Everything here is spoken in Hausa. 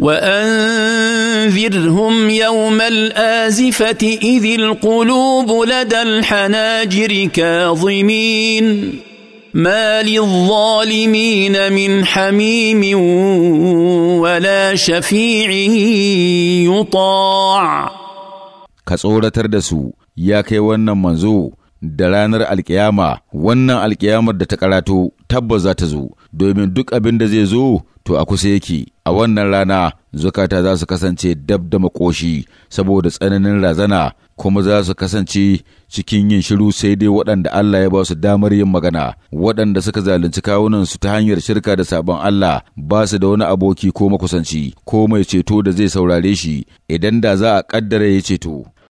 وانذرهم يوم الازفه اذ القلوب لدى الحناجر كاظمين ما للظالمين من حميم ولا شفيع يطاع كسوره تردسو يا كي ya منزو da ranar alkiyama wannan alkiyamar da ta karatu tabbas za ta zo domin duk abin da zai zo to a kusa yake a wannan rana zukata za su kasance dab da makoshi saboda tsananin razana kuma za su kasance cikin yin shiru sai dai waɗanda Allah ya ba su damar yin magana waɗanda suka zalunci su ta hanyar shirka da sabon Allah ba su da wani aboki ko makusanci ko mai ceto da zai saurare shi idan da za a ƙaddara ya ceto